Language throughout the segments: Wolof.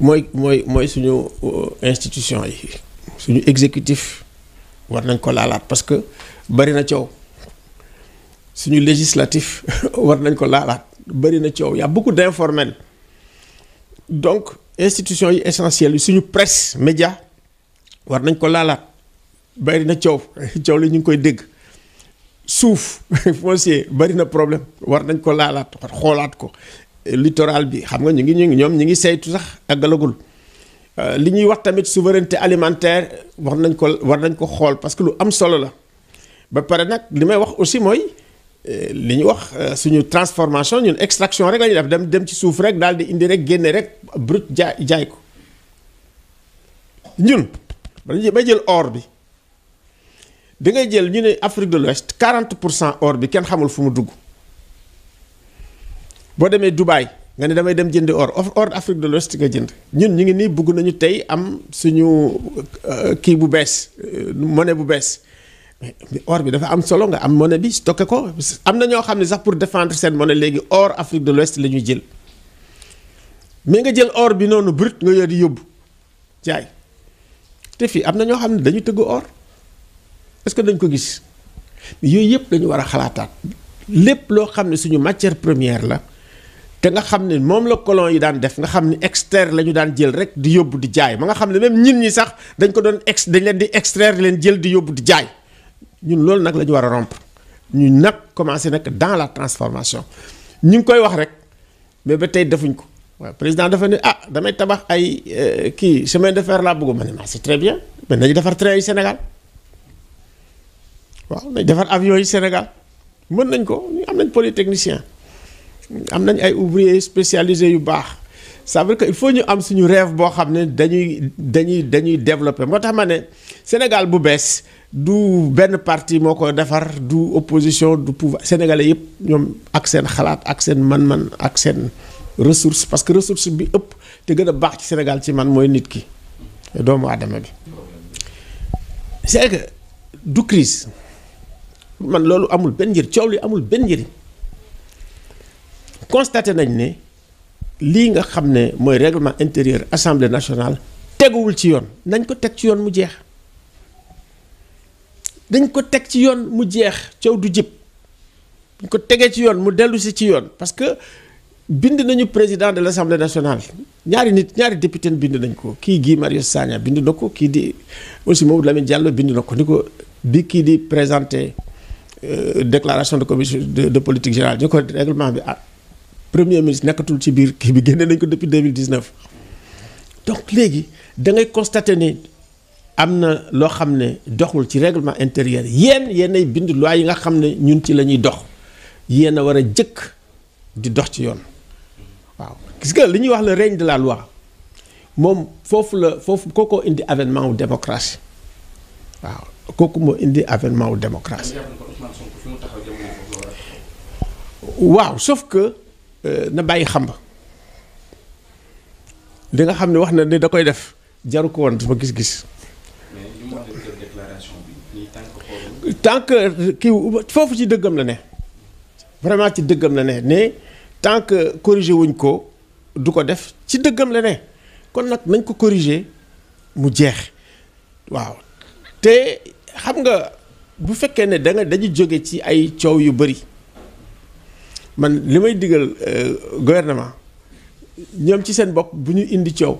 mooy mooy mooy suñu euh, institution yi suñu exécutif war nañ ko laalaat parce que bari na coow suñu législatif war nañ ko laalaat bari na coow y a beaucoup d'informel donc institution yi essentielles yi suñu presse média war nañ ko laalaat bari na coow coow li ñu ngi koy dégg suuf foncier bari na problème war nañ ko laalaat xoolaat ko littoral bi xam nga ñu ngi ñu ñoom ñu ngi saytu sax àggalagul euh, li ñuy wax tamit souveraineté alimentaire war nañ ko war nañ ko xool parce que lu am solo la ba pare nag li may wax aussi mooy euh, li ñu wax euh, suñu transformation ñun extraction rek la def dem dem ci suuf rek daal di indi rek génne rek brut jaay jaay ko ñun may jël or bi da ngay jël ñu ne Afrique de l'Ouest 40 pour cent or bi kenn xamul fu mu dugg boo demee Dubaay nga ne damay dem jëndi or or or Afrique de l'Ouest nga jënd ñun ñu ngi nii bugg nañu tey am suñu euh, kii bu bees euh, mone bu bees mais or bi dafa am solo nga am monnaie bi stocké ko am na ñoo xam ne sax pour défendre seen monnaie léegi or Afrique de l'Ouest la ñuy jël mais nga jël or bi noonu brut nga yor di yóbbu jaay te fii am na ñoo xam ne dañu tëgg or est-ce dañ ko gis yooyu yëpp dañu war a xalaataat lépp loo xam ne suñu matière première la te nga xam ne moom la colon yi daan def nga xam ne extraire la ñu daan jël rek di yóbbu di jaay ma nga xam ne même ñin ñi sax dañ ko doon ex dañ leen di extraire leen jël di yóbbu di jaay ñun loolu nag la ñu war a rompre ñu nag commencé nag dans la transformation ñu ngi koy wax rek mais ba tey defuñ ko waaw président dafa ne ah damay tabax ay euh, kii chemin de fer laa bëgg ma ne ma c'est très bien mais nañu defar train yi Sénégal waaw nañ defar avion yi Sénégal mën nañ ko am nañ polytechnicien am nañ ay ouvriers spécialisés yu baax ça veut dire que ñu am suñu rêve boo xam ne dañuy dañuy dañuy développer moo tax ma ne Sénégal bu bees du benn parti moo koy defar du opposition du pouvoir sénégalais yëpp ñoom ak seen xalaat ak seen man-man ak seen ressource parce que ressource bi ëpp te gën a baax ci Sénégal ci man mooy nit ki doomu aadama bi c'est que du crise man loolu amul benn njëriñ coow li amul benn njëriñ. constaté nañ ne lii nga xam ne mooy règlement intérieur assemblée nationale teguwul ci yoon nañ ko teg ci yoon mu jeex dañ ko teg ci yoon mu jeex coow du jib dañ ko tegee ci yoon mu dellu si ci yoon parce que bind nañu président de l'Assemblée nationale ñaari nit ñaari député bind nañ ko kii Guy Marius Sagna bind na ko kii di aussi Mamadou Lamine jàll bind na ko ni ko bi kii di présenté euh, déclaration de commission de politique générale ñu ko règlement bi ah premier ministre nekkatul ci biir kii bi génne nañ ko depuis 2019 donc léegi dangay ngay ni am na loo xam ne doxul ci réglement intérieur yéen yéenay bind loi yi nga xam ne ñun ci la ñuy dox yéen a war a jëkk di dox ci yoon waaw gis nga li ñuy wax la loi moom foofu la foofu kookoo indi avènement wu démocratie waaw indi avènement wu démocratie Euh, na bàyyi xamb li nga xam ne wax na ne da koy def jaru ko woon ma gis-gis. tant que kii foofu ci dëggam la ne vraiment ci dëggam la ne ne tant que corrigé wuñ ko du ko def ci dëggam la ne kon nag nañ ko corrigé mu jeex waaw te xam nga bu fekkee ne da nga dañu jóge ci ay coow yu bari man li may digal euh, gouvernement ñoom ci seen bopp bu ñu indi coow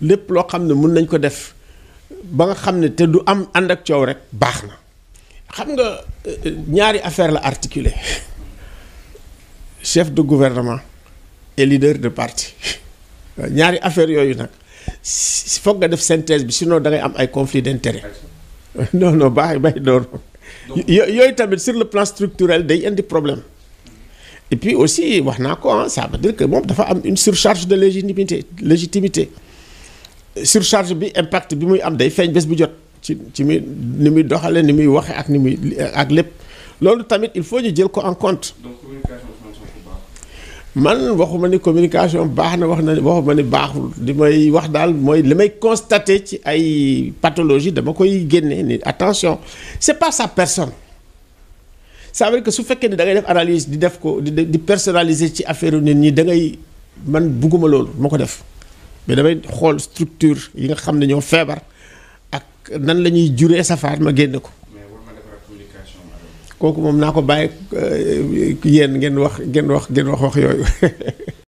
lépp loo xam ne mun nañ ko def ba nga xam ne te du am ànd ak coow rek baax na xam nga euh, ñaari affaire la articulé chef de gouvernement et leader de parti ñaari affaire yooyu nag foog nga def synthèse bi sinon da ngay am ay conflit d'intérêt non non baax bàyyi door yooyu tamit sur le plan structurel day indi problème et puis aussi wax naa ko ah ça veut dire que moom dafa am une surcharge de légitimité légitimité surcharge bi impact bi muy am day feeñ bés bu jot ci ci muy ni muy doxale ni muy waxe ak ni muy ak lépp loolu tamit il faut ñu jël ko en compte. donc communication man waxuma ni communication baax na wax na waxuma ni baaxul li may wax daal mooy li may constater ci ay pathologie dama koy génne ni attention c'est pas sa personne. ça veut dire que su fekkee ni da def analyse di def ko di di personnaliser ci affaire nit ñi da ngay man bugguma loolu ma ko def mais damay xool structure yi nga xam ne ñoo feebar ak nan la ñuy juree safaar ma génn ko. kooku moom naa ko bàyyi euh, yéen ngeen wax ngeen wax ngeen wax wax yooyu.